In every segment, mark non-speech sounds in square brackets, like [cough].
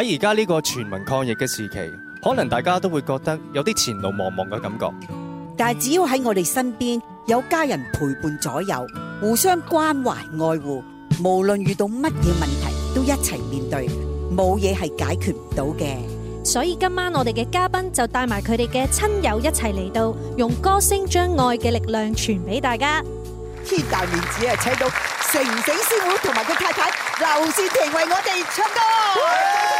喺而家呢個全民抗疫嘅時期，可能大家都會覺得有啲前路茫茫嘅感覺。但係只要喺我哋身邊有家人陪伴左右，互相關懷愛護，無論遇到乜嘢問題都一齊面對，冇嘢係解決唔到嘅。所以今晚我哋嘅嘉賓就帶埋佢哋嘅親友一齊嚟到，用歌聲將愛嘅力量傳俾大家。天大面子啊，請到丞責師傅同埋佢太太劉倩婷為我哋唱歌。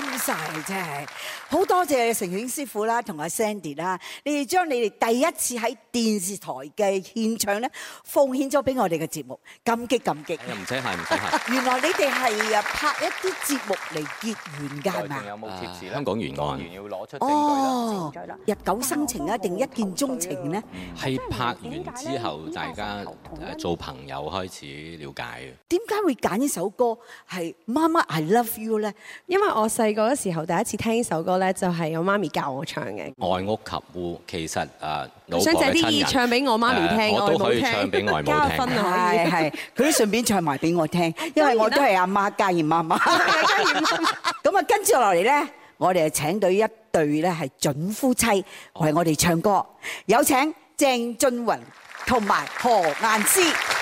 心晒，真係，好多謝丞責師傅啦，同阿 Sandy 啦，你哋將你哋第一次喺電視台嘅獻唱咧，奉獻咗俾我哋嘅節目，感激感激。唔使客氣，唔使客氣。原來你哋係拍一啲節目嚟結緣㗎，係咪啊？有冇涉事？香港原案。原要攞出證據啦。哦，日久生情啊，定一見鍾情咧？係拍完之後，大家做朋友開始了解。點解會揀呢首歌係《媽媽，I Love You》咧？因為我細個嘅時候，第一次聽呢首歌咧，就係我媽咪教我唱嘅。愛屋及烏，其實誒。想借啲意唱俾我媽咪聽，我都可以唱俾外母聽分，係係，佢都順便唱埋俾我聽，因為我都係阿媽，嘉儀媽媽。咁啊，跟住落嚟咧，我哋啊請到一對咧係準夫妻為我哋唱歌，有請鄭俊弘同埋何雁詩。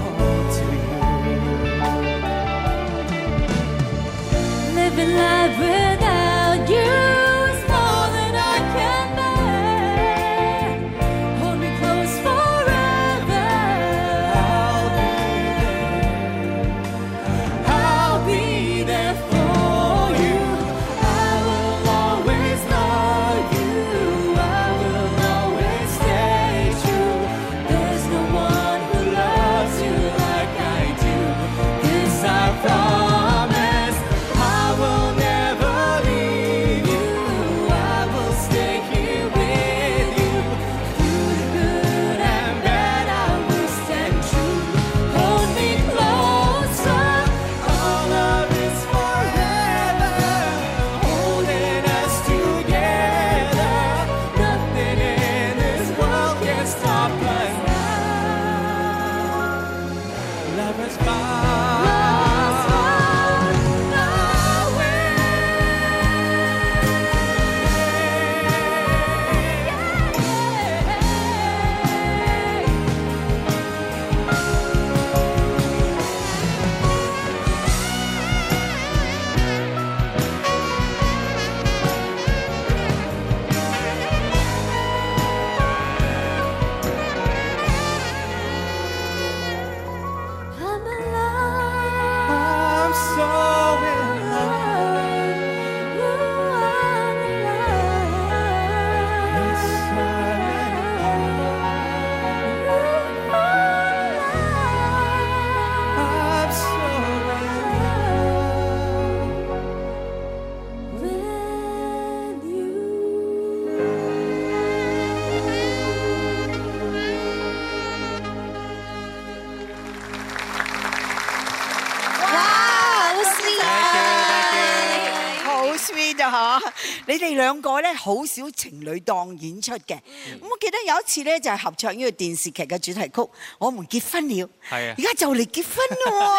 兩個咧好少情侶檔演出嘅，咁我記得有一次咧就係合唱呢個電視劇嘅主題曲《我們結婚了》，係啊，而家就嚟結婚咯。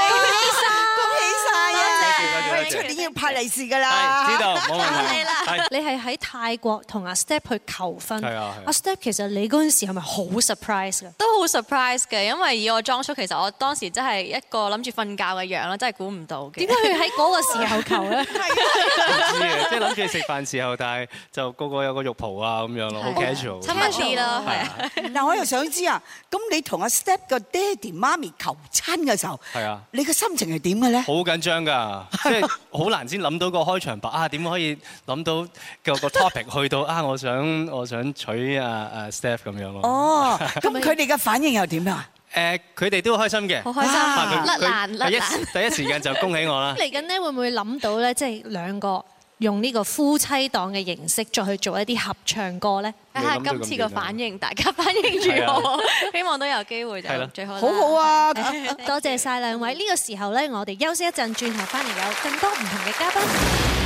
出年要派利是噶啦，知道冇問題。係啦，你係喺泰國同阿 Step 去求婚。係啊，阿 Step 其實你嗰陣時係咪好 surprise 噶？都好 surprise 嘅，因為以我裝束，其實我當時真係一個諗住瞓覺嘅樣咯，真係估唔到嘅。點解佢喺嗰個時候求咧？即係諗住食飯時候，但係就個個有個浴袍啊咁樣咯，好 casual。親密啲咯，係。但係我又想知啊，咁你同阿 Step 個爹哋媽咪求親嘅時候，係啊，你嘅心情係點嘅咧？好緊張㗎。即係好難先諗到個開場白啊！點可以諗到個個 topic 去到啊？我想我想娶啊 staff 咁樣咯。哦，咁佢哋嘅反應又點啊？誒，佢哋都開心嘅。好開心，甩爛甩第一時間就恭喜我啦。嚟緊咧，會唔會諗到咧？即係兩個。用呢個夫妻檔嘅形式再去做一啲合唱歌呢。睇下今次個反應，大家反應如何？希望都有機會就最好啦。好好啊，多謝晒兩位。呢個時候呢，我哋休息一陣，轉頭翻嚟有更多唔同嘅嘉賓。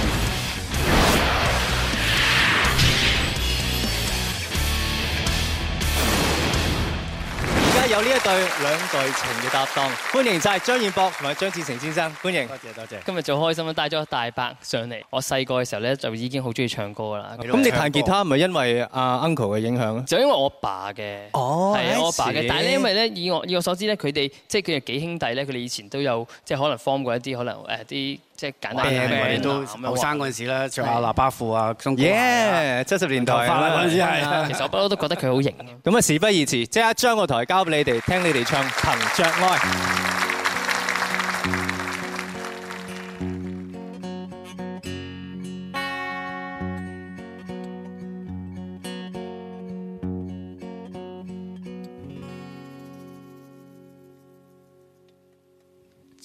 有呢一對兩代情嘅搭檔，歡迎晒張彥博同埋張志成先生，歡迎。多謝多謝。多謝今日做開心，帶咗大伯上嚟。我細個嘅時候咧，就已經好中意唱歌啦。咁你，的你彈吉他唔係因為阿 uncle 嘅影響？國就因為我爸嘅，係、哦、我爸嘅。前但係咧，因為咧，以我以我所知咧，佢哋即係佢哋幾兄弟咧，佢哋以前都有即係可能 form 過一啲可能誒啲。即係簡單嘅，我哋都後生嗰陣時啦，著阿喇叭褲啊，中。Yeah，七十年代啊，嗰時係。其實我不嬲都覺得佢好型咁啊，事不宜遲即刻將個台交俾你哋，聽你哋唱《憑着愛》。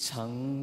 曾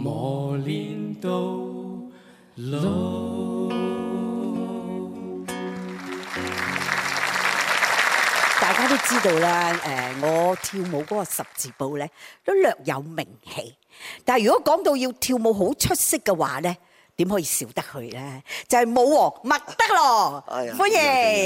磨練到老。大家都知道啦，誒，我跳舞嗰個十字步咧都略有名氣，但係如果講到要跳舞好出色嘅話咧，點可以少得佢咧？就係舞王麥德羅，歡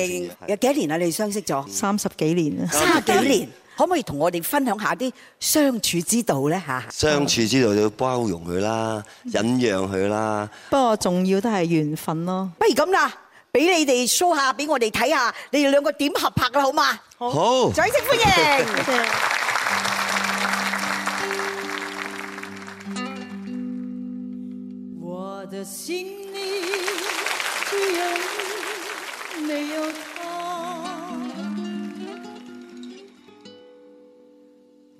迎！有幾多年啦？你哋相識咗三十幾年，三十幾年。可唔可以同我哋分享下啲相處之道咧嚇？相處之道要包容佢啦，忍讓佢啦。不過重要都係緣分咯。不如咁啦，俾你哋 show 下俾我哋睇下，你哋兩個點合拍啦，好嘛？好。掌聲歡迎。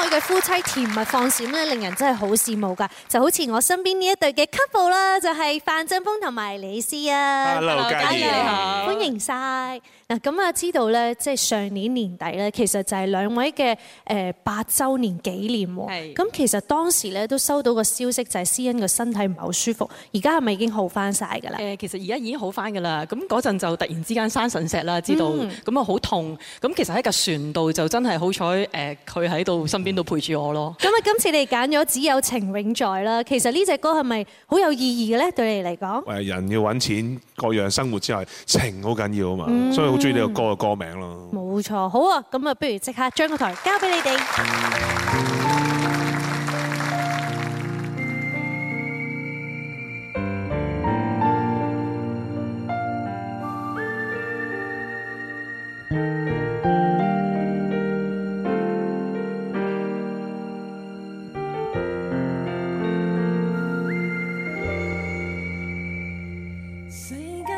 我嘅夫妻甜蜜放閃咧，令人真係好羨慕噶，就好似我身邊呢一對嘅 couple 啦，就係范振鋒同埋李思欣啊，大家好，歡迎晒！嗱。咁啊，知道咧，即係上年年底咧，其實就係兩位嘅誒八周年紀念喎的。咁其實當時咧都收到個消息，就係思欣嘅身體唔係好舒服。而家係咪已經好翻晒㗎啦？誒，其實而家已經好翻㗎啦。咁嗰陣就突然之間生腎石啦，知道咁啊好痛。咁其實喺個船度就真係好彩，誒，佢喺度邊度陪住我咯。咁啊，今次你揀咗《只有情永在》啦，其實呢隻歌係咪好有意義嘅咧？對你嚟講，誒，人要揾錢，各樣生活之外，情好緊要啊嘛，所以好中意呢個歌嘅歌名咯。冇錯，好啊，咁啊，不如即刻將個台交俾你哋。嗯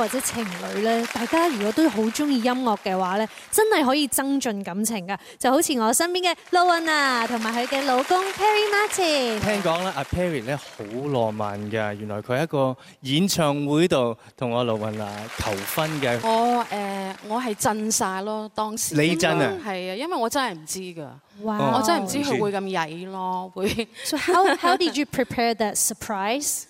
或者情侶咧，大家如果都好中意音樂嘅話咧，真係可以增進感情噶。就好似我身邊嘅露雲娜同埋佢嘅老公 Martin 說的 Perry Martin。聽講咧，阿 Perry 咧好浪漫噶，原來佢喺一個演唱會度同我露雲娜求婚嘅、呃。我誒，我係震晒咯，當時你真的。你震啊？係啊，因為我真係唔知㗎。哇！我真係唔知佢會咁曳咯，嗯、會。So 以 [laughs] how how did you prepare that surprise?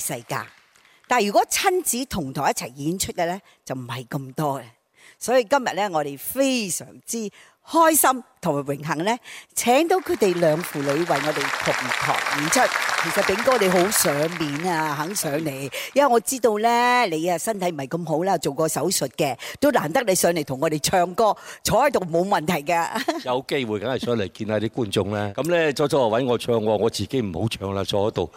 世界，但係如果親子同台一齊演出嘅咧，就唔係咁多嘅。所以今日咧，我哋非常之開心同埋榮幸咧，請到佢哋兩父女為我哋同台演出。其實炳哥，你好上面啊，肯上嚟，因為我知道咧，你啊身體唔係咁好啦，做過手術嘅，都難得你上嚟同我哋唱歌，坐喺度冇問題㗎。有機會梗係上嚟見下啲觀眾啦。咁咧，初初話揾我唱，我自己唔好唱啦，坐喺度。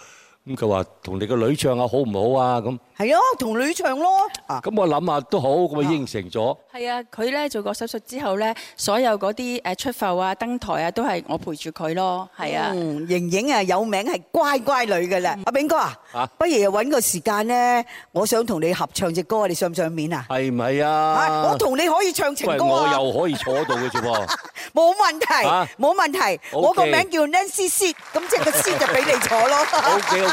咁佢話同你個女唱下好唔好啊？咁係啊，同女唱咯。咁我諗下都好，咁咪應承咗。係啊，佢咧做過手術之後咧，所有嗰啲誒出埠啊、登台啊，都係我陪住佢咯。係啊，瑩瑩啊有名係乖乖女嘅啦。阿炳哥啊，不如又揾個時間咧，我想同你合唱隻歌，你上唔上面啊？係唔係啊？我同你可以唱情歌啊！我又可以坐度嘅啫喎。冇問題，冇問題。我個名叫 Nancy C，咁即係個 C 就俾你坐咯。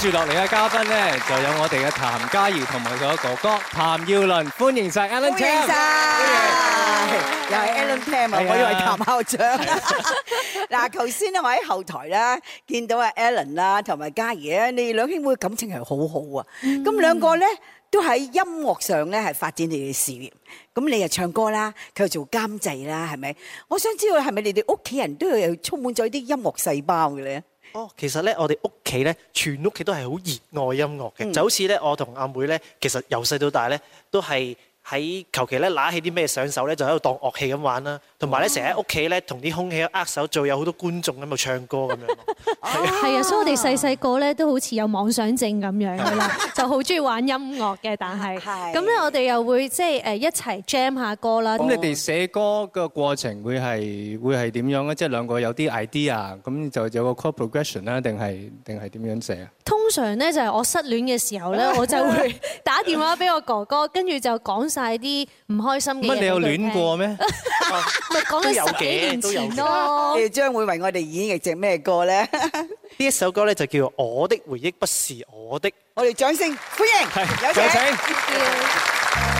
住落嚟嘅嘉賓咧，就有我哋嘅譚嘉儀同埋佢哥哥譚耀倫，歡迎晒 Alan James，又係 Alan James 啊，我以為係譚校長。嗱，頭先我喺後台咧見到阿 Alan 啦同埋嘉儀咧，你哋兩兄妹嘅感情係好好啊，咁兩個咧都喺音樂上咧係發展你哋事業，咁你又唱歌啦，佢又做監製啦，係咪？我想知道係咪你哋屋企人都係充滿咗啲音樂細胞嘅咧？哦，其實呢，我哋屋企呢，全屋企都係好熱愛音樂嘅，就好似咧，我同阿妹呢，其實由細到大呢，都係喺求其呢，揦起啲咩上手呢，就喺度當樂器咁玩啦。同埋咧，成日喺屋企咧，同啲空氣握手，仲有好多觀眾喺度唱歌咁樣。係啊，所以我哋細細個咧都好似有妄想症咁樣， [laughs] 就好中意玩音樂嘅。但係咁咧，的我哋又會即係誒一齊 jam 下歌啦。咁你哋寫歌嘅過程會係會係點樣咧？即係兩個有啲 idea，咁就有個 core progression 啦，定係定係點樣寫啊？通常咧就係我失戀嘅時候咧， [laughs] 我就會打電話俾我哥哥，跟住就講晒啲唔開心嘅嘢。乜你有戀過咩？ [laughs] 都咗十幾年前咯，有你哋將會為我哋演繹隻咩歌咧？呢一首歌咧就叫做《我的回憶不是我的》。我哋掌聲歡迎，對 有請。有請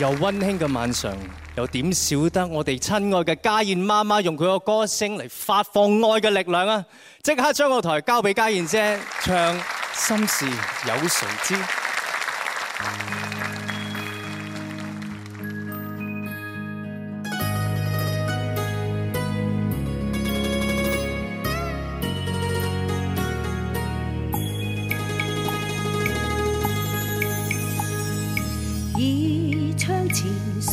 又溫馨嘅晚上，又點少得我哋親愛嘅家燕媽媽用佢個歌聲嚟發放愛嘅力量啊！即刻將個台交俾家燕姐唱《心事有誰知》。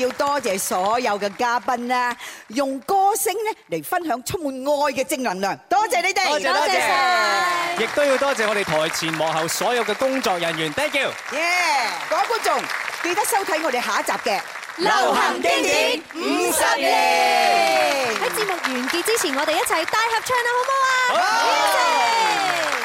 要多謝所有嘅嘉賓啦，用歌聲咧嚟分享充滿愛嘅正能量。多謝你哋，多謝多謝，亦都要多謝我哋台前幕後所有嘅工作人員。Thank you。Yeah，各位觀眾記得收睇我哋下一集嘅《流行經典五十年》。喺節目完結之前，我哋一齊大合唱啦，好唔好啊？好。